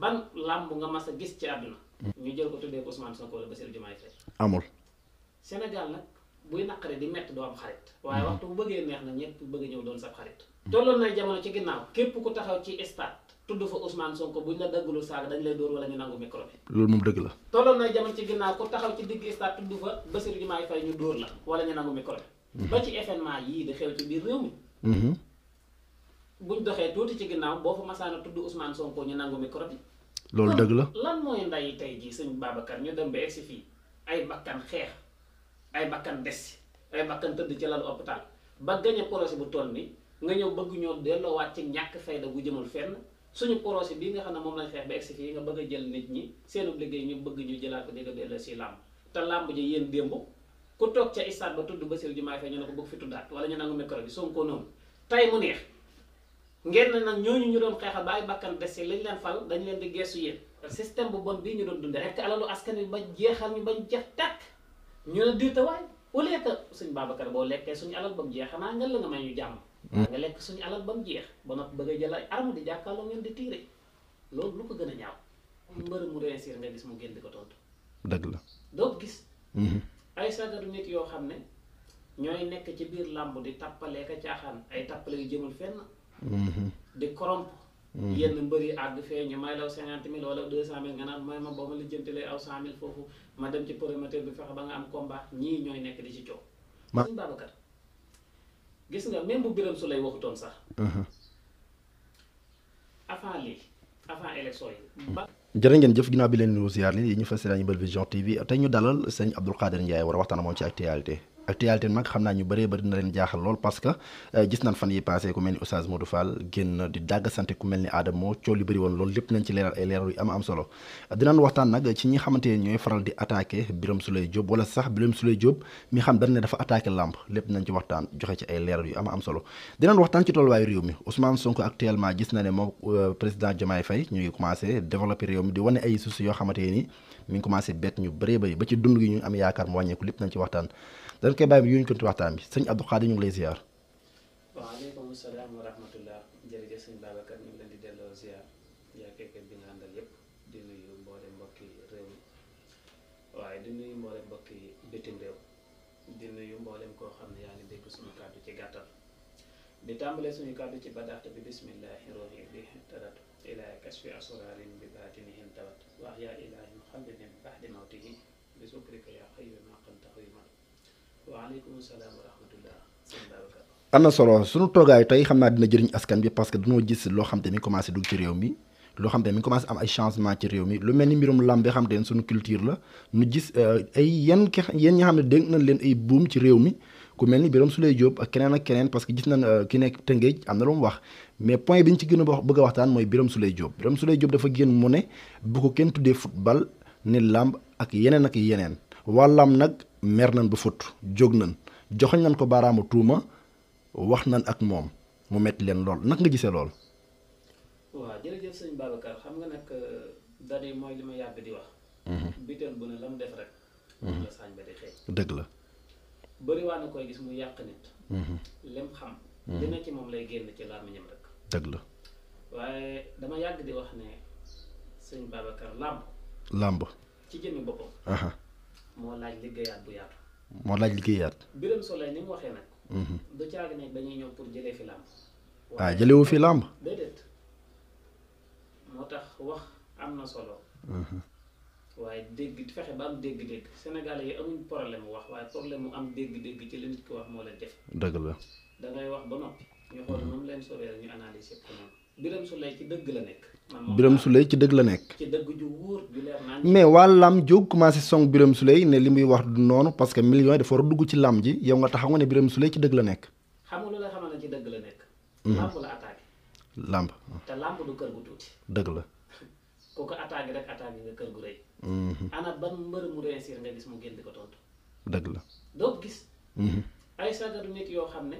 ban làmb nga mas sa gis ci àdduna. ñu jël ko tuddee ko Ousmane Sonko wala Bassirou Diomaye Faye. amul. Sénégal nag buy naqare di métti doo am xarit. Mm-hmm. waaye waxtu bu bëggee neex na ñëpp bëgg ñëw doon sab xarit. tolloon na jamono ci ginnaaw képp ku taxaw ci stade tudd fa Ousmane Sonko buñ la dëggulul saaga dañ lay dóor wala ñu nangu micro bi. loolu moom na jamono ci ginnaaw ku taxaw ci digg stade fa Bassirou Diomaye Faye ñu dóor la wala ñu nangu micro bi. Mm-hmm. ba ci événement yii di xew ci biir réew mi. Mm-hmm. buñ doxee tuuti ci ginnaaw boo fa masaana tudd Ousmane Sonko ñu nangu micro bi loolu dëgg la lan mooy yi tey jii suñu Babacar ñu dem ba si fii ay bakkan xeex ay bakkan des ay bakkan tëdd ci lalu hôpital ba gañe projet bu toll ni nga ñëw bëgg ñoo delloowaat ci ñàkk fayda gu jëmul fenn suñu projet bii nga xam ne moom lañ xeex ba egsi fii nga bëgg a jël nit ñi seenu liggéey ñu bëgg ñu jëlaat ko dégg delloo si làmb te làmb ji yéen démb ku toog ca stade ba tudd Bassirou Diomaye Faye ñu ne ko bëgg fi tuddaat wala ñu nangu bi Sonko noonu tey ngeen ne nag ñooñu ñu doon xeexal ba ay bakkan des si lañ leen fal dañ leen di geesu yéen système bu bon bii ñu doon dundee rek alalu askan wi ba jeexal ñu bañ jeex tàkk ñu ne diir tawaay au lieu que suñ Babacar boo lekkee suñu alal ba mu jeex xanaa nga la nga may ñu jàmm hmm. nga lekk suñu alal ba mu jeex ba noppi bëgg a jël ay arme di jàkkaarloo ngeen di tiire loolu lu ko gën a ñaaw mbër mu réussir nga gis mu génn di ko tontu dëgg la doo gis hmm. ay sagaru nit yoo xam ne ñooy nekk ci biir làmb di tappaleeka caaxaan ay tappale yu jëmul fenn di corrompre. yenn mbër yi àgg fee ñu may law cinquante mille wala deux cent mille nga naan may ma boo ma lijjantilee aw cent mille foofu ma dem ci promoteur bi fexe ba nga am combat ñii ñooy nekk di ci coow. gis nga même bu Birame su lay waxutoon sax. Uh-huh. avant lii avant élection yi. Hmm. jërë ngeen jëf ginnaaw bi leen nuyu ziar yi ñu fas yéene Mbel TV tey ñu dalal sëñ Abdou Khader Ndiaye war a waxtaan moom ci actualité. actualité nag xam naa ñu bëree bëri na leen jaaxal lool parce que euh, gis nañ fan yi passé ku mel ni Oustaz Modou Fall génn di dàgg sante ku mel ni Adamo coow li bëri woon loolu lépp nañ ci leeral ay leeral yu xamante ne ñooy faral di attaqué Birame Souleye Diop wala sax Birame Souleye Diop mi xam dañ ne attaqué lamp lépp nañ ci waxtaan joxe ci ay leeral yu am am solo dinañ waxtaan ci tolluwaayu réew mi Ousmane Sonko actuellement gis na ne moom euh, président Diomaye Faye ñu ngi commencé réew mi di wane ay suuf yoo xamante ni mi ngi commencé bett ñu bëree bëri ba ci dund gi ñu am yaakaar mu wàññeeku lépp nañ ci waxtaan dañ koy bàyyi yuñ ko ci waxtaan bi sëñ Abdou Khadi ñu ngi lay ziar. waaleykum salaam wa rahmatullah jërëjëf sëñ Babacar ñu ngi leen di delloo ziar yaa keke bi nga àndal yëpp di nuyu mboole mbokki réew mi waaye di nuyu mboole mbokki bitim réew di nuyu mboolem koo xam ne yaa ngi dégg suñu kàddu ci gàttal di tàmbalee suñu kàddu ci badaxte bi bismillahi rohi bi tarat ilaa kasfi asrarin bi baatinihim tawat wax yaa ilaahi muhammadin baxdi yaa xayu wa rahmatullah. am na solo sunu toogaayu tey xam naa dina jëriñ askan bi parce que dañoo gis loo xam te ni commencé dugg ci réew mi. loo xam te mi ngi commencé am ay changement ci réew mi lu mel ni mbirum làmb bi xam te ne suñu culture la ñu gis euh, ay yenn ki yéen ñi xam ne dégg nañ leen ay buum ci réew mi ku mel ni Birame Souleye Diop ak keneen ak keneen parce que gis nañ euh, ki nekk Tëngéej am na lu mu wax mais point bi ñu ci gën a bëgg a waxtaan mooy Birame Souleye Diop Birame Souleye Diop dafa génn mu ne bu ko kenn tuddee football ne làmb ak yeneen ak yeneen mer nañ ba fut jóg nañ joxoñ nañ ko baaraamu tuuma wax nañ ak moom mu metti leen lool nag nga gisee lool. waaw jërëjëf sëñ Babacar xam nga nag euh, dadi mooy li ma yàgg di wax. Mhm. biteel bu ne la def rek. Mhm. la sañ ba di xëy. dëgg la. bëri koy gis mu yàq nit. Mhm. lim xam. dina ci moom lay génn ci làmmiñam rek. dëgg la. waaye dama yàgg di wax ne sëñ Babacar làmb. làmb. ci jëmmi boppam. moo laaj liggéeyaat bu yaatu. moo laaj liggéeyaat. Birame Souleye ni mu waxee nag. Mhm. du caag ne dañuy ñëw pour jëlee fi làmb. Ah, jëlewu fi làmb. déedéet moo tax wax am na solo. Mhm. waaye dégg fexe ba am dégg-dégg Sénégalais yi amuñ problème mu wax waaye problème mu am dégg-dégg ci la nit ki wax moo la def. dëgg la. da ngay wax ba noppi. ñu xool moom leen soree ñu analyser ko moom. Biram Souleye ci dëgg la nekk. Biram Souleye ci dëgg la nekk. ci dëgg ju wóor mais waa lam jóg commence song Biram Souleye ne li muy wax du noonu parce que millions yi dafa war dugg ci lam ji yow nga taxaw nga ne Biram Souleye ci dëgg la nekk. xam nga lu la xamal ne ci dëgg la nekk. Hmm. lamb la attaqué. lamb te lamb du kër gu tuuti. dëgg la. ku ko attaqué rek attaqué nga kër gu rëy. Hmm. ana ban mbër mu réussir nga gis mu génn di ko tontu. dëgg la. doo gis. Hmm. ay sagadu nit yoo xam ne.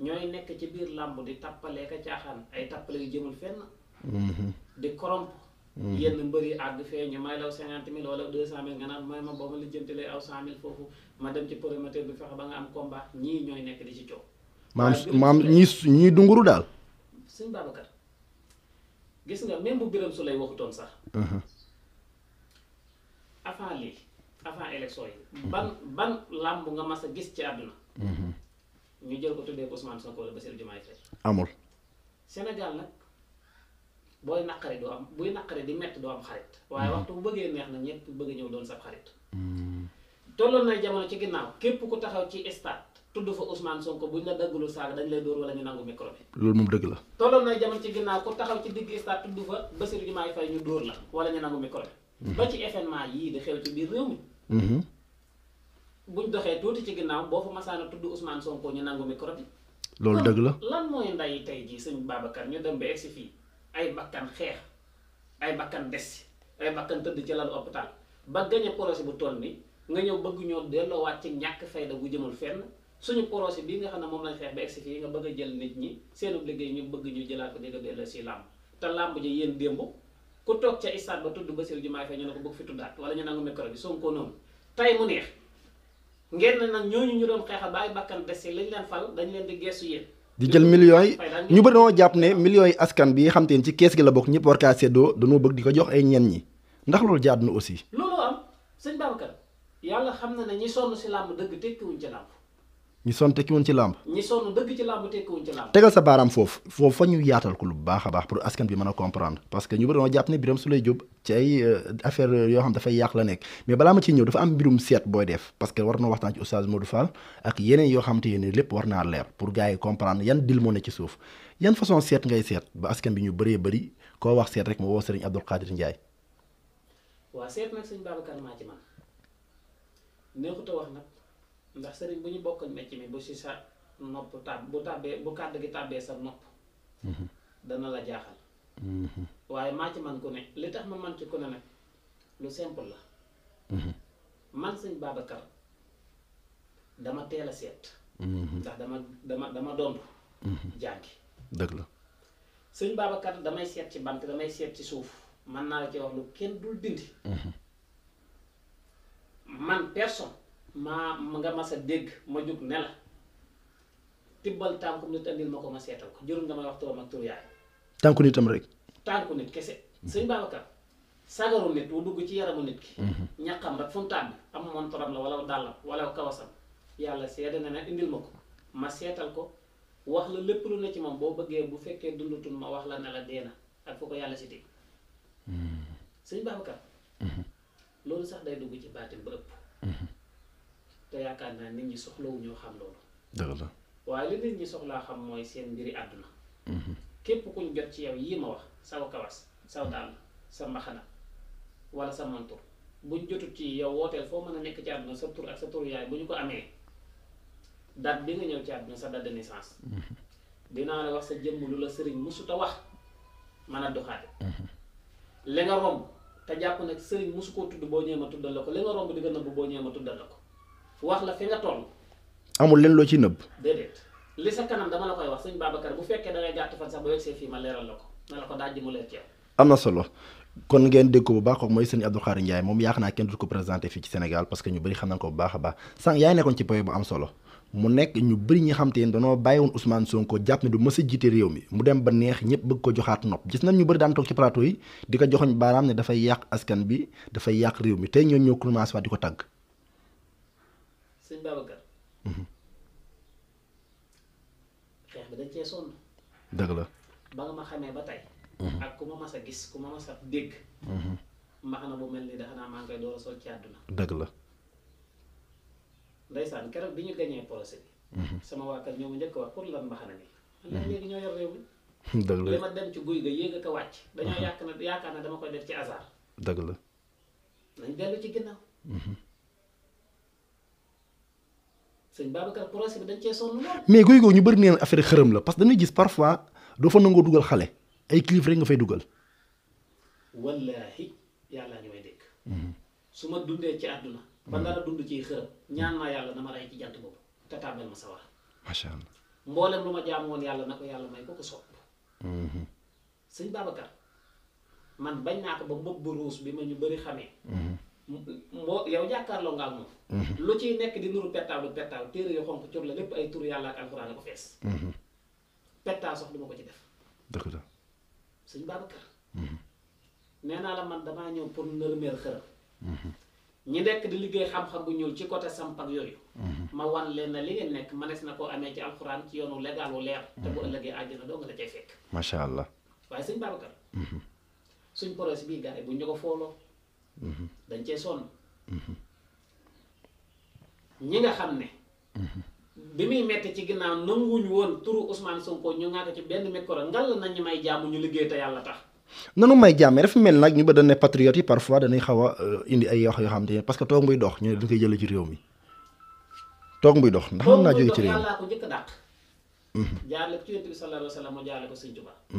ñooy nekk ci biir làmb di tappale ka caaxaan ay tappale yu jëmul fenn mhm. di koromp mhm. yenn mbër yi àgg fee may law cinquante mille wala deux cent mille nga naan may ma boo ma lijjantilee aw cent mille foofu ma dem ci promoteur bi fexe ba nga am combat ñii ñooy nekk di ci coow maam maam ñii ñii dunguru daal suñ nga même biram su lay waxutoon sax mhm. avant lii avant élection yi ban ban làmb nga ma a gis ci àdduna ñu jël ko tuddee ko Ousmane Sonko wala Bassirou Diomaye Faye amul Sénégal nag booy naqari doo am buy naqari di métti doo am xarit waaye mm. waxtu bu bëggee neex na ñett bëgg ñëw doon sab xarit mm. tolloon na jamono ci ginnaaw képp ku taxaw ci stade tudd fa Ousmane Sonko buñ la dëgglu saaga dañ lay dóor wala ñu nangu micro bi loolu moom dëgg la tolloon na jamono ci ginnaaw ku taxaw ci digg stade tudd fa Bassirou Diomaye Faye ñu dóor la wala ñu nangu micro bi mm. ba ci événement buñ doxee tuuti ci ginnaaw boo fa masaana tudd Ousmane Sonko ñu nangu micro bi. loolu dëgg la lan mooy nday tey jii suñu Babacar ñu dem ba si fii ay bakkan xeex ay bakkan des si ay bakkan tëdd jëlal lan hôpital ba gañe projet bu toll ni nga ñëw bëgg ñoo delloowaat ci ñàkk fayda bu jëmul fenn suñu projet bii nga xam ne moom lañ xeex ba egsi fii nga bëgg a jël nit ñi seenu liggéey ñu bëgg ñu jëlaat ko dégg ba ëllëg si làmb te làmb ji yéen démb ku toog ca istade tudd Bassirou Diomaye Faye ñu ne ko bëgg fi tuddaat wala ñu micro bi Sonko noonu tey mu neex ngeen ne nag ñooñu ñu doon xeexal leen fal dañ leen di geesu yéen. di jël millions yi ñu bëri dañoo jàpp ne millions yi askan bi xam te ne ci kees gi la bokk ñëpp war kaa séddoo dañoo bëgg di ko jox ay ñenn ñi ndax loolu jaat na aussi. loolu am sëñ Babacar yàlla xam na ne ñi sonn si làmb dëgg tekkiwuñ ca làmb ñi sonn tekkiwuñ ci làmb. ñi sonn dëgg ci làmb tegal sa baaraam foofu foofu fa ñu yaatal ko lu baax a baax pour askan bi mën a comprendre parce que ñu bëri dañoo jàpp ne Birame Souleye Diop ci ay euh, yoo xam dafay yàq la nekk mais balaa ma ciy ñëw dafa am mbirum seet booy def parce que war na waxtaan ci oustaz Modou Fall ak yeneen yoo xam te ne lépp war naa leer pour gars yi comprendre yan dil moo ne ci suuf yan façon seet ngay seet ba askan bi ñu baree bëri koo wax seet rek mo woo Serigne Abdoul ndax sëriñ bu ñu bokk mecc mi bu si sa nopp tàbb bu tàbbee bu kàdd gi tàbbee sa nopp mhm. dana la jaaxal mhm. waaye maa ci man ku ne li tax ma man ci kone ne nag lu simple la mhm. man sëñ baabakat dama teel a seet ndax dama dama dama dondu jàngi dëgg la sëñ Babacar damay seet ci bant damay seet ci suuf man naa la ci wax lu kenn dul dindi man personne maa nga mas a dégg ma jug ne la tibbal tànku nit andil ma ko ma seetal ko jërum nga wax turam ak tur yaay. tànku nitam rek. tànku nit kese. sëñ Babacar sagaru nit wu dugg ci yaramu nit ki. Mhm. ñaxam rek fu mu tàbbi am montoram la wala dàllam wala kawasam yàlla seede na ne indil ma ko ma seetal ko wax la lépp lu ne ci moom boo bëggee bu fekkee dundutul ma wax la ne la dee na ak fu ko yàlla si teg. Mhm. sëñ Babacar. Mhm. loolu sax day dugg ci te yaakaar naa nit ñi soxlawu ñoo xam loolu. dëgg la waaye li nit ñi soxlaa xam mooy seen mbiri àdduna. Mm-hmm. képp kuñ jot ci yow yii ma wax saw kawas saw dàll sa mbaxana wala sa mantur buñ jotut ci yow wooteel foo mën a nekk ci àdduna sa tur ak sa tur yaay bu ñu ko amee daal bi nga ñëw ci àdduna sa date de mm-hmm. dinaa ne wax sa jëmm lu la sëriñ musuta wax mën a doxaate mm-hmm. li nga romb te jàpp nag sëriñ musu koo tudd boo ñëwee ma tuddal la ko li nga romb di nga nëbb boo ko wax la fi nga toll. amul leen loo ci nëbb. déedéet li sa kanam dama la koy wax sëñ Babacar bu fekkee da ngay fan sax ba yegg see fii ma leeral la ko na la ko daaj mu leer ci am solo kon ngeen dégg ko bu baax kooku mooy sëñ Abdou Khare Ndiaye moom yaakaar naa kenn du ko présenté fii ci Sénégal parce que ñu bëri xam nañ ko bu baax a baax sànq yaay nekkoon ci point bu am solo mu nekk ñu bëri ñi xam te ne danoo bàyyi woon Ousmane Sonko jàpp ne du mës a jiite mi mu dem ba neex ñëpp bëgg ko joxaat nopp gis nañ ñu bëri daan toog ci plateau yi di ko joxoñ baaraam ne dafay yàq askan bi dafay yàq réew mi tey ñoo ñoo commencé waat di ko tàgg sëñ Babacar. Mhm. xeex bi dañ cee sonn. dëgg la. ba nga ma xamee ba tey. Mhm. ak ku ma mas a gis ku ma mas a dégg. Mhm. mbaxana bu mel nii dafa maa ngi door a sol ci àdduna. dëgg la. ndeysaan keroog bi ñu gañee procès bi. sama waa ñoo ma njëkk wax pour lan mbaxana bi. man léegi ñoo yor réew mi. dëgg dem ci guy ga yéeg ak a wàcc. dañoo yàq na yaakaar na dama koy def ci hasard. dëgg la. nañ dellu ci ginnaaw. sëñ Babacar projet bi dañ cee sonn lool. mais guy googu ñu bëri neen affaire xërëm la parce que dañuy gis parfois doo fa nangoo dugal xale ay kilif rek nga fay dugal. wallaahi yàlla ñu may dégg. Mhm. su ma dundee ci àdduna. ba dara mhm. dund ci xërëm ñaan naa yàlla dama rey ci jant boobu te tàbbal ma sawar. macha allah mboolem lu ma jaamoon yàlla na ko yàlla may ko ko sopp. Mhm. sëñ Babacar man bañ naa ko ba mbob ruus bi ma ñu bëri xamee. moo yow jàkkaarloo nga ak mhm. lu ciy nekk di nuru pettaaw du pettaaw téere yu xonk cor la lépp ay tur yàlla ak alxuraan ko fees. Mhm. pettaaw sax du ko ci def. dëgg la. sëñ Babacar. Mhm. nee naa la man damaa ñëw pour nërmeel xëram. ñi nekk di liggéey xam-xam bu ñuul ci côté samp ak yooyu. ma wan leen na li ngeen nekk manees na koo amee ci alxuraan ci yoonu légal wu leer. te bu ëllëgee àjjana doo nga la cay fekk. macha allah. waaye sëñ Babacar. suñ projet bii gars bu ñu dañ cee sonn mhm. ñi nga xam ne bi muy metti ci ginnaaw nanguwuñ woon turu Ousmane Sonko ñu ngaa ko ci benn micro ngal nañ ñu may jàmm ñu liggéey te yàlla tax nanu may jàmmee dafa mel nag ñu ba dañ ne patriote yi parfois dañuy xaw a euh, indi ay wax yoo xam te parce que toog muy dox ñu ne dañ koy ci réew mi toog muy dox ndax mën naa jóge ci réew mi ko njëkk dàq mhm. jaarle ko ci bi sallallahu alayhi wa sallam moo jaarle ko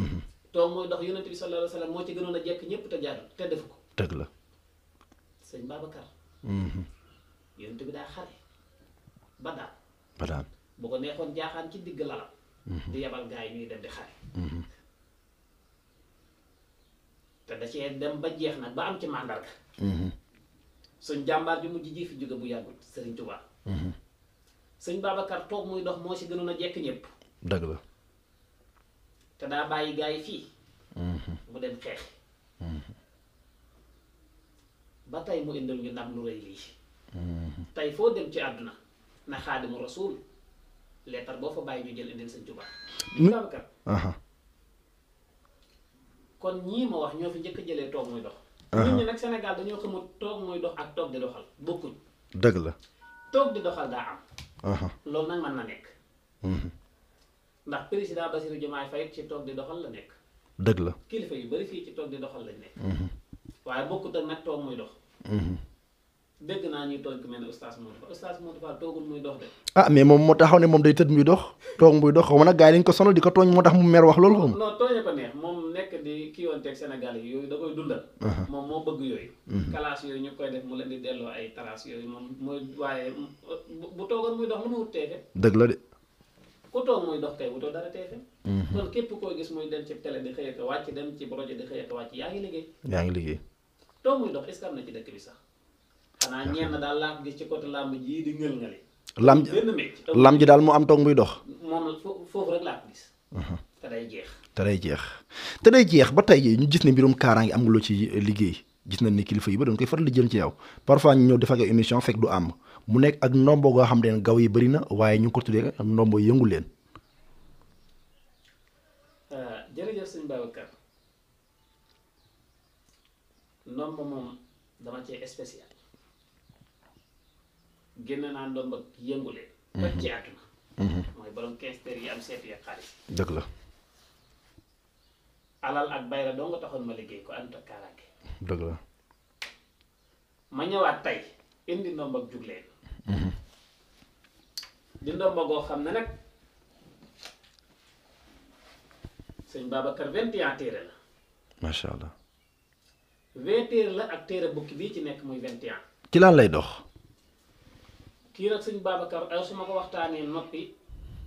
mhm. toog muy dox yonent bi sallallahu alayhi wa sallam moo ci gënoon a jekk ñëpp te jaar te def ko la sëñ Babacar. Mm-hmm. yonent bi daa xare ba daal. ba daal bu ko neexoon jaaxaan ci digg lalam. Mm-hmm. di yebal gaa yi ñuy dem di xare. Mm-hmm. te da dem ba jeex nag ba am ci màndarga. suñ jàmbaar bi mujj ji fi jóge bu yàggul sëriñ Tuubaa. sëñ Babacar toog muy dox moo si gënoon a jekk ñépp dëgg la. te daa bàyyi gaa yi fii. mu dem xeex. ba tey mu indil ñu ndam lu rëy lii mm-hmm. tey foo dem ci àdduna na xaadimu rasul leetar boo fa bàyyi ñu jël indil sëñ Tuubaa kon ñii ma wax ñoo fi njëkk jëlee toog muy dox nit ñi nag Sénégal dañoo xamul toog muy dox ak toog di doxal bokkuñ dëgg la toog di doxal daa am loolu nag mën na nekk mm-hmm. ndax président Bassirou Diomaye Faye ci toog di doxal la nekk dëgg la kilifa yu bari fii ci toog di doxal lañ nekk mm-hmm. waaye bokkut ak nag toog muy dox dégg naa ñuy tooñ ku mel ne oustaz Modou Fall oustaz Modou toogul muy dox de. ah mais moom moo taxaw ne moom day tëdd muy dox toog muy dox xaw ma nag gars yi dañ ko sonal di wax loolu moom nekk kii woon teg yooyu da uh-huh. moo bëgg yooyu. kalaas mm-hmm. yooyu ñu koy def mu yooyu moom mooy waaye kay wutoo dara teefe. Mm-hmm. kon képp koo gis muy dem ci télé di xëy wàcc dem ci projet di xëy wàcc ngi liggéey. yaa ngi liggéey. doo muy dox est-ce que am na ci dëkk bi daal laa lam lam ji daal mu am toog muy dox moom foofu uh-huh. te day jeex te day jeex ba tey jii ñu gis ne mbirum kaaraange am nga loo ci liggéey gis nañ ni kilifa yi ba doon koy faral jël ci yow parfois ñu ñëw def ak émission fekk du am mu nekk ak ndombo goo xam ne gaw yi bëri na waaye ñu ngi ko tuddee ak ndombo yëngu leen euh, ndomb moom dama cee spécial génn naa ndomb ak yëngule ba mhm. ci àdduna mhm. mooy borom quinze yi am seetu ya xaalis dëgg la alal ak bayra doo nga taxoon ma liggéey ko ànd ak kaaraange dëgg la ma ñëwaat tey indi ndomb ak jugleen mhm. di ndomb goo xam ne nag sëñ Babacar vingt téere la macha allah vingt téere la ak téere bukki bii ci nekk muy vingt et ci lan lay dox kii nag sëñ Babacar ay su ma ko waxtaanee noppi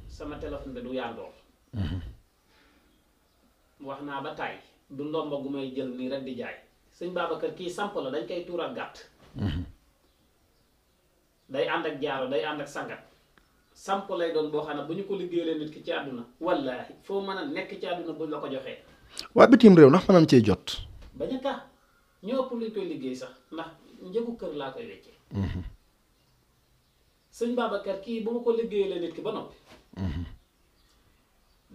sama téléphone bi du yàndoor mhm. wax naa ba tàyyi du ndomba gu may jël nii rek di jaay sëñ Babacar kii samp la dañ koy tuuraat gàtt mhm. day ànd ak jaaro day ànd ak sangat samp lay doon boo xam ne bu ñu ko liggéeyee nit ki ci àdduna wallaahi foo mën a nekk ci àdduna buñ la ko joxee waa bitim réew ndax mën nañ cee jot bañ a ñoo ëpp luñ koy liggéey sax ndax njëgu kër laa koy weccee. Mm-hmm. sëñ Babacar kii bu ma ko liggéeyee la nit ki ba noppi. Mm-hmm.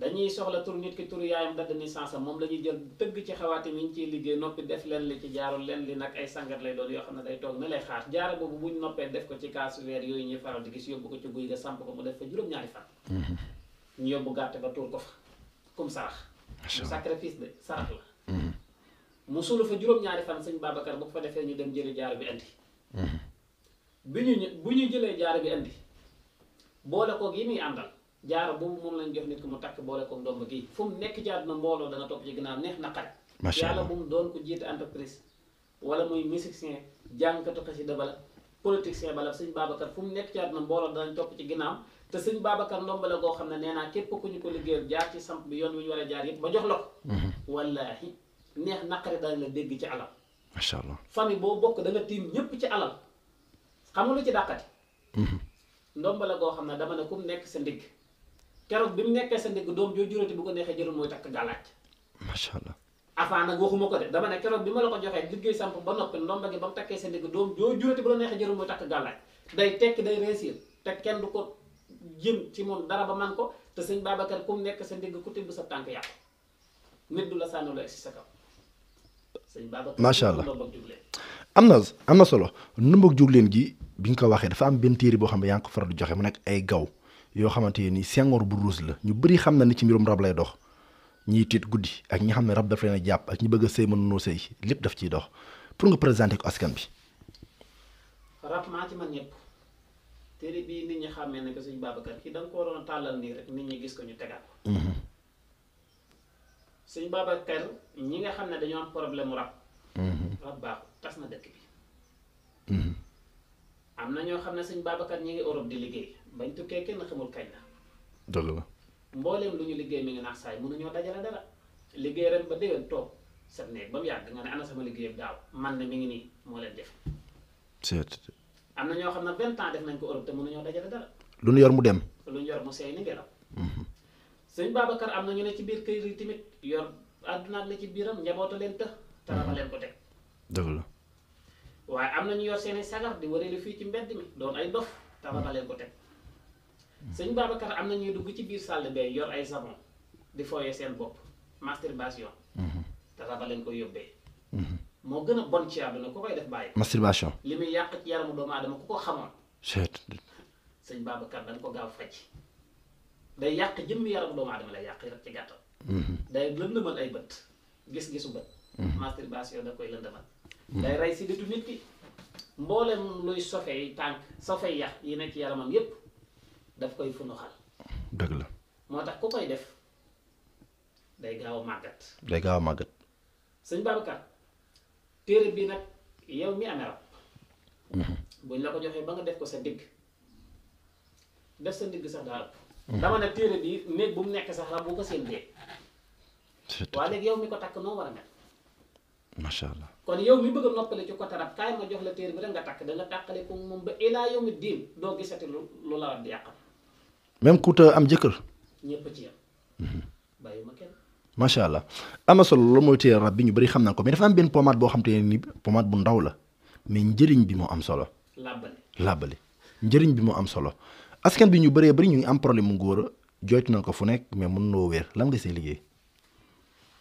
dañuy soxla tur nit ki tur yaayam date ni naissance moom la ñuy jël tëgg ci xawaati mi ñu ciy liggéey noppi def leen li ci jaarul leen li nag ay sangat lay doon yoo xam ne day toog ne lay xaar jaara boobu buñ noppee def ko ci kaasu weer yooyu ñuy faral di gis yóbbu ko ci guy ga samp ko mu def fa juróom-ñaari fan. Mm-hmm. ñu yóbbu gàtt ba tuur ko fa comme sarax. sacrifice de la. mu suulu fa juróom-ñaari fan sëñ Babacar bu ko fa defee ñu dem jëli jaar bi indi bi ñu bu ñu jëlee jaar bi indi boole koog yi muy àndal jaaro boobu moom lañ jox nit ki mu takk boole koog ndomb gi fu mu nekk jaar na mbooloo dana topp ci ginnaaw neex na xaj macha allah yàlla bu mu doon ko jiite entreprise wala muy musicien jàngkatu xasida bala politicien bala sëñ Babacar fu mu nekk ci àdduna mbooloo danañ topp ci ginnaaw te sëñ Babacar ndombale goo xam ne nee naa képp ku ñu ko liggéeyal jaar ci samp bi yoon wi ñu war a jaar yëpp ba jox la ko mhm. wallaahi neex naqari daañu la dégg ci alal. macha allah famille boo bokk da nga tiim ñëpp ci alal xam nga lu ci dàqati. Mhm. ndomba la goo xam ne dama ne ku mu nekk sa ndigg keroog bi mu nekkee doom joo juróoti bu ko neexee jëlul mooy takk gàllaaj. macha allah afaan nag waxuma ko de dama ne keroog bi ma la ko joxee liggéey samp ba noppi ndomba gi ba mu takkee sa ndigg doom joo juróoti bu la neexee jëlul mooy takk gàllaaj day tekki day réussir te kenn du ko jëm ci moom dara ba man ko te sëñ Babacar ku mu nekk sa ndigg ku tibb sa tànk yàqu nit du la sànni loo egg si sa kaw. macha allah am na am na solo numbag jugleen gi bi nga ko waxee dafa am benn téere boo xam ne yaa ngi ko faral di joxe mu nekk ay gaw yoo xamante ni sengoor bu ruus la ñu bëri xam na ni ci mbirum rab lay dox ñiy tiit guddi ak ñi xam ne rab daf leen a jàpp ak ñi bëgg a sëy mënunoo sëy lépp daf ciy dox pour nga présenter ko askan bi. rab maa ci man ñëpp téere bii nit ñi xàmmee ne ko suñu Babacar kii da ko waroon a tàllal nii rek nit ñi gis ko ñu suñ Babacar ñi nga xam ne dañoo problème rab mhm. rab baaxul tas na dëkk bi mhm. am na ñoo xam ne suñ Babacar ñi ngi Europe di liggéey bañ tukkee kenn xamul kañ la dëgg la mbooleem lu ñu liggéey mi ngi naax saay mënuñoo dajale dara liggéey ren ba déwén toog sa néeg ba mu yàgg nga ne na sama liggéeyam daaw man ne mi ngi nii moo leen def am na ñoo xam ne vingt temps def nañ ko Europe te mënuñoo dajale dara lu ñu yor mu dem lu ñu yor mu seey ni ngelaw mhm. sëñ Babacar am na ñu ne ci biir kër yi tamit yor àdduna la ci biiram njaboota leen të. taraba leen ko teg. dëgg la. waaye am na ñu yor seeni sagar di wareelu fii ci mbedd mi doon ay ndox taraba leen ko teg. sëñ Babacar am na ñuy dugg ci biir sàll bee yor ay savon di fooyee seen bopp masturbation. Mhm. taraba leen ko yóbbee. Mhm. moo gën a bon ci àdduna ku koy def bàyyi. masturbation. li muy yàq ci yaramu doomu aadama ku ko xamoon. sëñ Babacar dañ ko gaaw faj. day yàq jëmmi yaramu doomu aadama lay yàq rek ci gàttal. Mm-hmm. day lëndëmal ay bët gis-gisu bët. Mm-hmm. masturbation da koy lëndëmal. Mm-hmm. day rey si ditu nit ki mboolem luy sofey tànk sofey yax yi nekk ci yaramam yépp daf koy funuxal. dëgg la moo tax ku koy def day gaaw a màggat. day gaaw a màggat. sëñ Babacar téere bi nag yow mi amee rab. buñ la ko joxee ba nga def ko sa digg def sa digg sax daa ëpp. dama ne téere bi néeg bu mu nekk sax rab bu ko seen dee. waaye léegi yow mi ko takk noo war a mel. macha allah kon yow mi bëgg noppale ci côté rab kaay ma jox la téere bi rek nga takk da nga ko moom ba ilaa yawmi diin doo gisati lu la war di yàqal. même ku am jëkkër. ñëpp ci yam mhm. bàyyi allah am solo loolu mooy téere rab bi ñu bari xam naa ko mais dafa am benn pommade boo xam te nii pommade bu ndaw la mais njëriñ bi mu am solo. làbbali làbbali njëriñ bi moo am solo. askan bi ñu baree bari ñu ngi am problème mu ngóor jooytu nañ ko fu nekk mais mën noo wér lan nga see liggéey.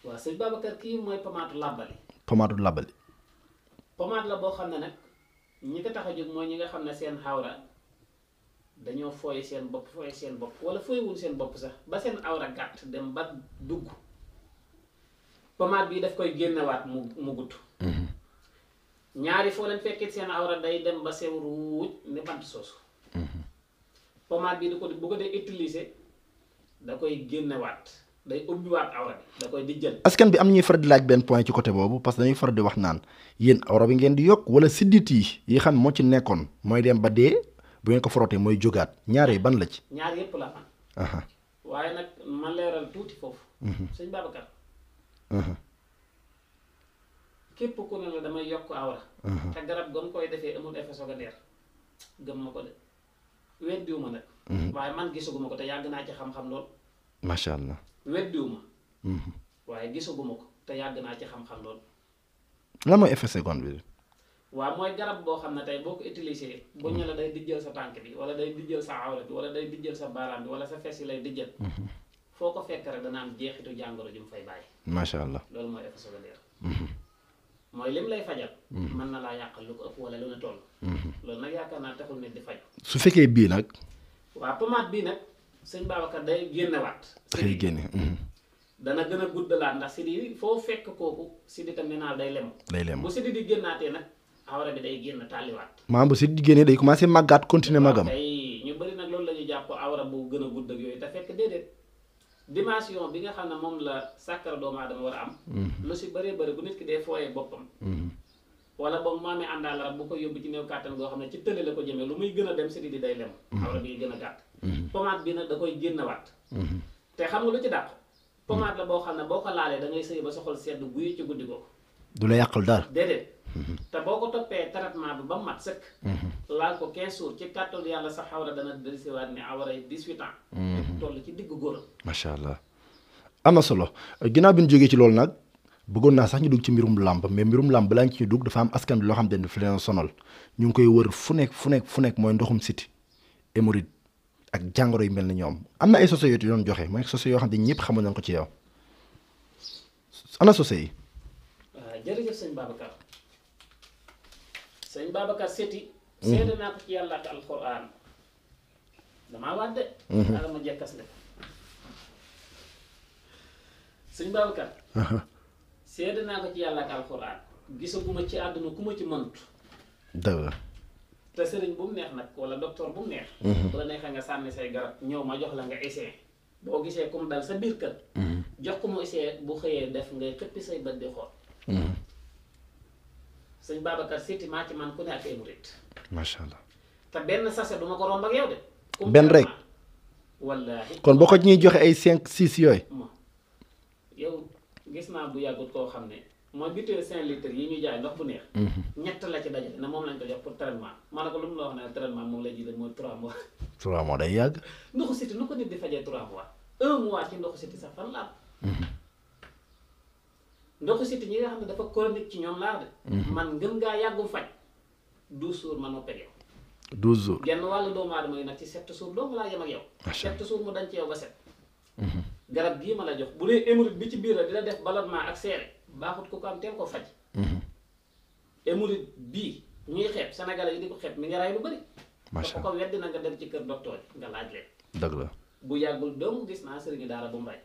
waa sëñ Babacar kii mooy pommade làbbali. pommade làbbali. pommade la boo xam ne nag ñi ko tax a jóg mooy ñi nga xam ne seen awra dañoo fooy seen bopp fooy seen bopp wala fooywul seen bopp sax ba seen awra gàtt dem ba dugg pommade bi daf koy génnewaat mu mu gudd. Mhm. ñaari foo leen fekkee seen awra day dem ba sew ruuj ne bant soosu. Mhm. pommade bi da ko bu ko dee utiliser da koy génnewaat day ubbiwaat awra bi da koy di jël. askan bi am na ñuy far laaj benn point ci côté boobu parce que dañuy far di wax naan yéen awra bi ngeen di yokk wala siddit yi yi xam moo ci nekkoon mooy dem ba dee bu ngeen ko frottee mooy jógaat ñaar ban la ci. ñaar yëpp la am. waaye nag ma tuuti foofu. Mhm. sëñ Babacar. képp ku la damay yokk awra. te garab gam koy defee amul effet secondaire gëm ma weddiwu ma nag. Mhm. waaye man gisaguma ko te yàgg naa ci xam-xam lool. macha allah weddiwu mhm. waaye gisaguma ko te yàgg naa ci xam-xam lool. lan mooy effet seconde waaw mooy garab boo xam ne tey boo ko utilisé. bu ñu mhm. la day dijjal sa tànk bi wala day dijjal sa awra bi wala day dijjal sa baaraam bi wala sa fes yi lay dijjal. foo ko fekk rek dana am jeexitu jàngoro ju mu fay bàyyi. macha allah loolu mooy effet secondaire. mooy lem lay fajal. man mhm. na laa yàqal lu ko ëpp wala lu ne toll. Mhm. loolu nag yaakaar naa taxul nit di faj. su fekkee bii nag. waaw pommade bii nag sëñ Babacar day génnewaat. dafay génne. Mhm. dana gën a guddalaat ndax si di foo fekk kooku si di tam nee naa day lem. day lem bu si di di génnaatee nag awra bi day génn tàlliwaat. maanaam bu si di génnee day commencé màggaat continuer màggam. ñu bëri nag loolu la ñuy jàpp awra bu gën a gudd yooyu te fekk déedéet. dimension bi nga xam ne moom la sàkkara doomaa dama war a am mm-hmm. lu si bëree bëri bu nit ki dee fooyee boppam mm-hmm. wala boog mu amee àndaal rab bu ko yóbbu ci néew kàttan goo xam ne ci tële la ko jëmee lu muy gën a dem si di day lem mm-hmm. awra bi gën a gàtt pommade bi nag da koy génn génnewaat te xam nga lu ci dàq pommade la boo xam ne boo ko laalee da ngay sëy ba soxol sedd guyi ci guddi googu du la yàq yàqal dara déedéet te boo ko toppee traitement bi ba mat sëkk. laal ko 15 ci kàttal yàlla sa xawra dana dellusiwaat ne awra yi 18 mhm. am na solo ginnaaw bi ñu jógee ci nag bëggoon naa sax ñu dugg ci mbirum làmb mais mbirum làmb balaa ñu ci dugg dafa am askan bi loo xam ne fi leen sonal ngi koy wër fu nekk fu nekk fu nekk mooy ndoxum siti hémorroïde ak jàngoro yu mel ni ñoom am na ay sosé yu doon joxe mooy sosé yoo xam ne ñëpp xamuñu ko ci yow ana sosé yi. Euh, sëñ Babacar Seti. seede naa ko ci yàlla ak alquran damaa waat de. dara mhm. ma jekkas ne sëñ Babacar. seede naa ko ci yàlla ak alquran gisaguma ci àdduna ku ma ci mëntu. te sëriñ bu mu neex nag wala docteur bu mu neex. Mhm. bu la nga sànni say garab ñëw ma jox la nga essayé boo gisee comme dal sa biir kër. Mhm. jox ko mu essayé bu xëyee def ngay këppi say bët di xool. sëñ Babacar Sy maa ci man ku ne ak ay murit. macha allah. te benn sase du ma ko romb ak yow de. benn rek. wallaahi kon boo ko ñuy joxe ay 5 6 yooy yow gis naa bu yàggut koo xam ne mooy butéel 5 litres yi ñuy jaay ndox bu neex. Mhm. ñett la ci dajale ne moom lañ ko jox pour traitement ma ne ko lu mu la wax ne traitement moom la ji de mooy 3 mois. 3 mois day yàgg. ndoxu siti nu ko nit di fajee 3 mois 1 mois ci ndoxu siti sax fan la am. Mhm. ndox siti ñi nga xam ne dafa chronique ci ñoom laa de. Mhm. man ngëm ngaa yàggum faj douze jours ma noppeeg yow. douze genn wàll doomu aadama yi nag ci set jours doomu laa yem ak yow. macha allah sept jours mu dañ ci yow ba set. Mhm. garab gii ma la jox bu dee émorite bi ci biir la dina def ballonnement ak seere baaxut ku ko am teel ko faj. Mhm. émorite bii ñuy xeeb Sénégalais yi di ko xeeb mi nga rey lu bëri. macha allah ko wedd nga dem ci kër docteur yi nga laaj bu yàggul doomu gis naa sëriñu daara bu mbay.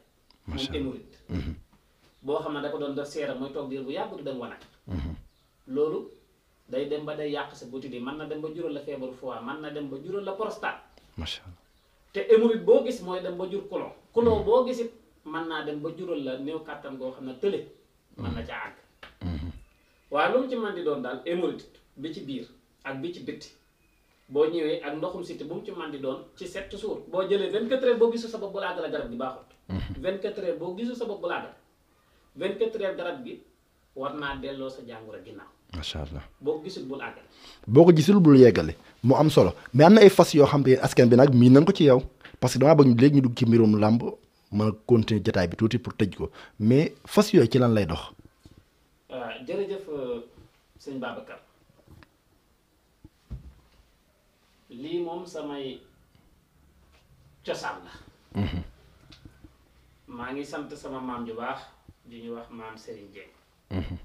boo xam ne da ko doon def seera mooy toog diir bu yàgg di dem wanag mhm. loolu day dem ba day yàq sa butit yi mën na dem ba jural la feebar fois man na dem ba jural la prostate macha allah te hémorroïde boo gis mooy dem ba jur colon colon boo gis it mën naa dem ba jural la néew kàttan goo xam ne tële mën na ca àgg mhm. waaye lu mu ci mën di doon daal hémorroïde bi ci biir ak bi ci bitti boo ñëwee ak ndoxum siti bu mu ci mën di doon ci sept jours boo jëlee vint quatre heures boo gisu sa bopp bu laa dara garab gi baaxut mhm. vingt-quatre boo gisu sa bopp 24h garab war naa delloo sa jàngoro ginnaaw. macha allah boo ko gisul bul àggale. boo ko gisul bul yeggale mu am solo mais am na ay fas yoo xam te askan bi nag mii nan ko ci yow parce que damaa bëgg léegi ñu dugg ci mbirum làmb mën a continuer jotaay bi tuuti pour tëj ko mais fas yooyu ci lan lay dox. Euh, jërëjëf euh, sëñ Babacar lii moom samay cosaan la. Mhm. maa ngi sant sama maam ju baax. di ñu wax maam Serigne Dieng. Mhm.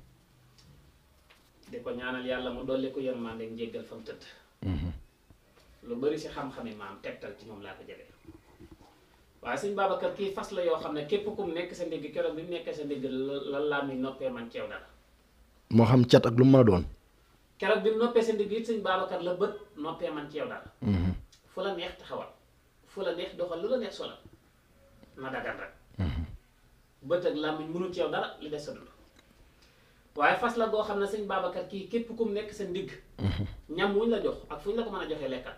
di ko ñaanal yàlla mu dolli ko yërmande ak njéggal fa mu tëdd. Mhm. lu bari si xam yi maam tegtal ci moom laa ko jëlee. waaye sëñ Babacar kii fas la yoo xam ne képp ku mu nekk sa ndigg keroog bi mu nekkee sa ndigg lan laa muy noppee man ceew dara. moo xam cat ak lu mu mën a doon. keroog bi mu noppee sa ndigg it sëñ Babacar la bët noppee man ceew dara. Mhm. fu la neex taxawal fu la neex doxal lu la neex solal na dagan rek. bët ak làmmiñ mënul ci yow dara li des sa dund waaye fas la goo xam ne sëñ Babacar kii képp kum nekk sa ndigg ñam wuñ la jox ak fuñ la ko mën a joxee lekkal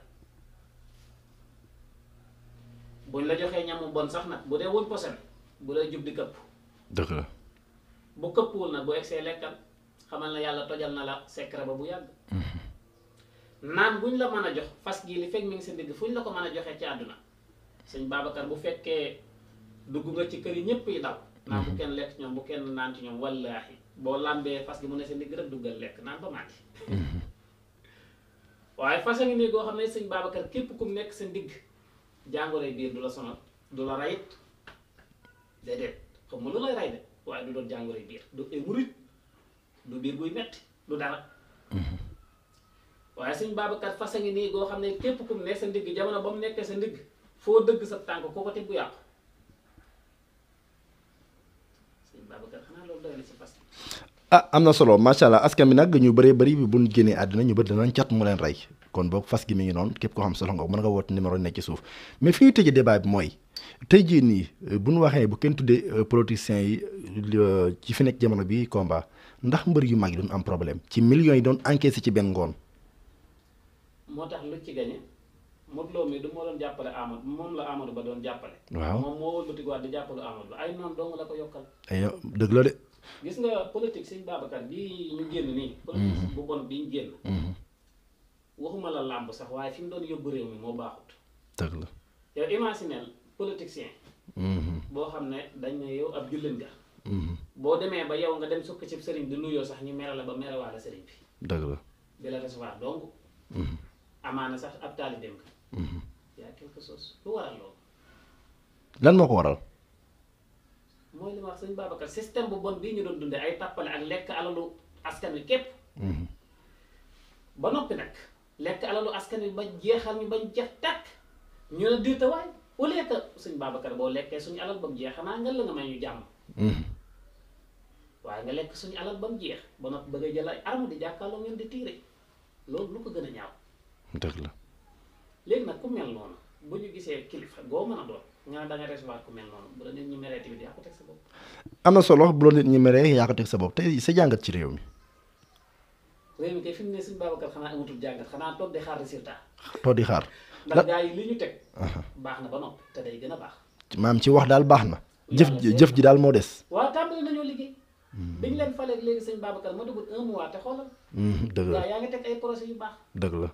buñ la joxee ñamu bon sax nag bu dee wuñ posen bu lay jub di këpp dëgg la bu këppuwul nag bu egsee lekkal xamal na yàlla tojal na la secret ba bu yàgg naan buñ la mën a jox fas gii li fekk mi ngi sa ndigg fuñ la ko mën a joxee ci àdduna sëñ Babacar bu fekkee dugg nga ci kër yi ñëpp yi daw naa bu mhm. kenn lekk ñoom bu kenn naan ci ñoom wallaahi boo làmbee fas gi mu ne seen digg rek duggal lekk naan ba màndi mhm. waaye fas a ngi nii goo xam ne sëñ Babacar képp kum nekk seen digg jàngoroy biir du la sonal du la rayit déedéet lu lay ray de waaye du doon jàngoroy biir du émurit du biir buy metti du dara mhm. waaye sëñ fas a nii goo xam ne képp kum nekk seen digg jamono ba mu nekkee seen digg foo dëgg sa tànk koo ko bu yàqu ah am na solo macha allah askan bi nag ñu baree bari bu ñu génnee àddina ñu bëri danañ cat mu leen rey kon boog fas gi ngi noonu képp koo xam solo nga mën nga woote numéro nekk ci suuf mais fi ñuy tëjee débat bi mooy tey jii nii euh, bu ñu waxee bu kenn tuddee euh, politiciens yi euh, ci fi nekk jamono bi combat ndax mbër yu mag yi doon am problème ci millions yi doon encaissé ci benn ngoon. du moo doon jàppale Amadou moom la Amadou ba doon jàppale. waaw moom moo wëlbatikuwaat di jàppale Amadou ba ay noonu dong la ko yokkal. gis nga politique sëñ Babacar bii ñu génn nii. Mhm. politique bu bon bi ñu génn. Mhm. waxuma la làmb sax waaye fi mu doon yóbbu réew mi moo baaxut. dëgg la yow imaginel politicien. Mhm. boo xam ne dañ ne yow ab jullit boo demee ba yow nga dem sukk ci sëriñ di nuyoo sax ñu mere la ba mere waale sëriñ bi. dëgg la di la recevoir donc. amaana sax ab taalibeem nga. yaa lu waral loolu. lan moo ko waral. mooy li ma wax sëñ Babacar système bu bon bii ñu doon dundee ay tàppale ak lekk alalu askan wi képp. Mhm. ba noppi nag lekk alalu askan wi ba jeexal ñu bañ jeex tàkk ñu ne diir tawaay au lieu que boo lekkee suñu alal ba mu jeex xanaa nga la nga may ñu jàmm. Mhm. waaye nga lekk suñu alal ba mu jeex ba noppi bëgg a jël ay arme di jàkkaarloo ngeen di tiire loolu lu ko gën a ñaaw. dëgg la léegi nag ku mel noonu bu ñu gisee kilifa goo mën a doon. ñu la nit ñi am na solo bu la nit ñi meree yaa ko teg sa bopp tey sa jàngat ci réew mi. réew mi kay fi mu ne suñu Babacar xanaa amatul jàngat di xaar résultat. toog di xaar. ndax gars yi li ñu teg. baax na ba noppi te day gën a baax. maam ci wax daal baax na. jëf jëf ji daal moo des. waaw tàmbali nañoo liggéey. Hmm. biñ leen falee léegi sëñ Babacar ma dugg un mois te xoolal. Hmm, dëgg la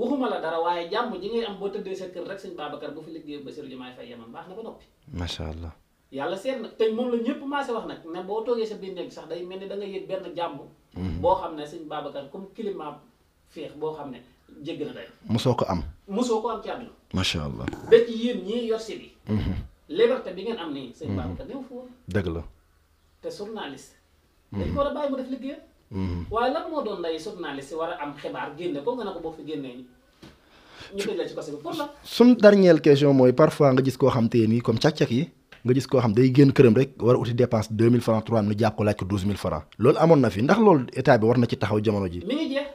waxuma la dara waaye jàmm ji ngay am boo tëddee sa kër rek sëñ Babacar bu fi liggéey Bassirou Diomaye Faye yemam baax na ba noppi. macha allah. yàlla seet nag te moom la ñëpp maase wax nag ne boo toogee sa biir néeg sax day mel ni da yëg benn jàmm. Mhm. boo xam ne sëñ Babacar comme climat féex boo xam ne jégg na day. mosoo ko am. mosoo ko am ci àdduna. macha allah ba ci yéen ñii yor si bi. Mhm. liberté bi ngeen am nii. sëñ mhm. Babacar néew foofu. dëgg la. te journaliste. dañ ko a Mm-hmm. waaye lan moo doon lay journaliste war a am xibaar génne ko nga ne ko boo fi génnee ñu. ñu tëj la ci bi pour la. suñ dernière question mooy parfois nga gis koo xam te nii comme càq yi nga gis koo xam day génn këram rek war a uti dépense 2000 francs 3000 ñu jàpp ko laaj loolu amoon na fi ndax loolu état bi war na ci taxaw jamono ji. mi ngi jeex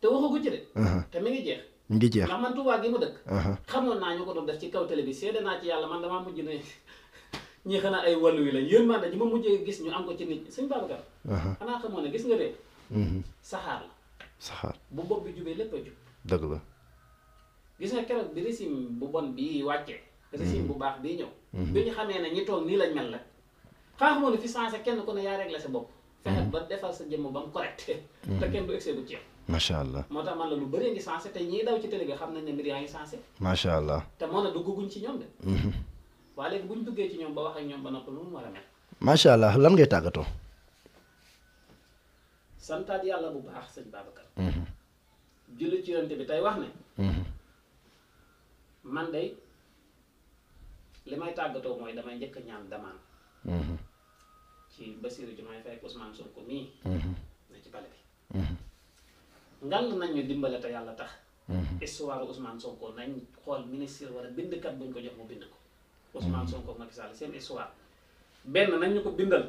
te waxagu ci de. Uh-huh. te mi ngi jeex. mi ngi jeex ndax man Tuubaa gi mu dëkk. Uh-huh. xamoon naa ñu ko doon def Uh-huh. xanaa xamoon ne gis nga de. Mm-hmm. saxaar la. saxaar bu bopp bi jubee lépp a jub. dëgg la. gis nga keroog bi régime bu bon bii wàccee. Mm-hmm. régime bu baax bii ñëw. Mm-hmm. bi ñu xam ne ñi toog nii lañ mel la. xanaa xamoon ne fi sensé kenn ku ne yaa réglé sa bopp. fexe ba defal sa jëmm ba mu correct. te kenn du excès bu ceeb. macha allah moo tax man la lu bëree ngi te ñiy daw ci télé bi xam nañ ne mbir yaa ngi macha allah te moo na dugguñ ci ñoom de. waaye léegi bu duggee ci ñoom ba wax ak ñoom ba noppi lu mu war a mel. macha allah lan ngay tàggatoo. santaat yàlla bu baax seen Babacar. Mhm. julli ci yonte bi tey wax ne. Mhm. man de li may tàggatoo mooy damay njëkk a ñaan damaan. Mhm. ci Bassirou Diomaye Faye Ousmane Sonko mii. na ci bale bi. ngal nañ ñu dimbale te yàlla tax. histoire Ousmane Sonko nañ xool ministre wala bindkat buñ ko jox mu bind ko. Ousmane Sonko Macky Sall seen histoire benn nañ ñu ko bindal.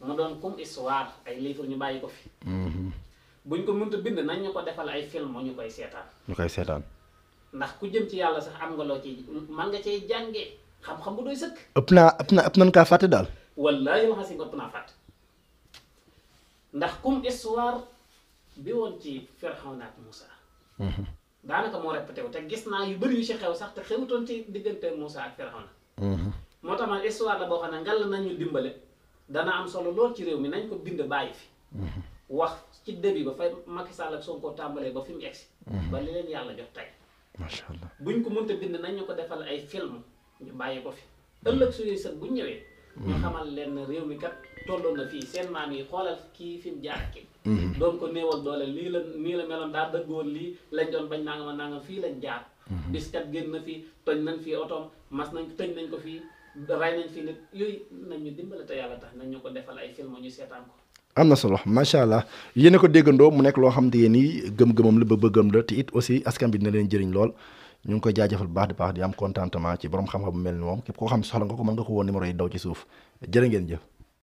mu doon comme histoire ay livre ñu bàyyi ko fi. Mhm. buñ ko mënta bind nañ ñu ko defal ay film ñu koy seetaan. ñu koy seetaan. ndax ku jëm ci yàlla sax am nga loo ciy mën nga cee jàngee xam-xam bu doy sëkk. ëpp naa ëpp na ëpp nañ kaa fàtte daal. wallaahi ma xasee ëpp naa fàtte ndax comme histoire bi woon ci Firawna ak Moussa. Mhm. daanaka moo répété wu te gis naa yu bari yu ci xew sax te xewutoon ci diggante Moussa ak Firawna. Mhm. moo tax man histoire la boo xam ne ngal nañu dimbale. dana am solo lool ci réew mi nañ ko bind bàyyi fi. Mm-hmm. wax ci début ba fay Macky Sall ak Sonko tàmbalee ba fi mu egsi. Mm-hmm. ba li leen yàlla jox tey. buñ ko mënta bind nañ ñu ko defal ay film ñu bàyyi ko fi. Mm-hmm. ëllëg suñuy sët bu ñu ñëwee. ñu xamal leen réew mi kat tolloon na fii seen maam yi xoolal kii fi mu jaar kii. doon ko néewal doole lii la nii la meloon daa dëggoon lii lañ doon bañ nangam nangam fii lañ jaar. bis kat génn na fii toj nañ fi otoom mas nañ tëj nañ ko fii. rey am na solo macha allah yéen a ko déggandoo mu nekk loo xam te ni gëm-gëmam la ba bëggam la te it aussi askan bi dina leen jëriñ lool ñu ngi koy jaajëfal bu baax di baax di am contentement ci borom xam-xam mu mel ni moom képp koo xam soxla nga ko mën nga ko woon numéro yi daw ci suuf jërë ngeen jëf.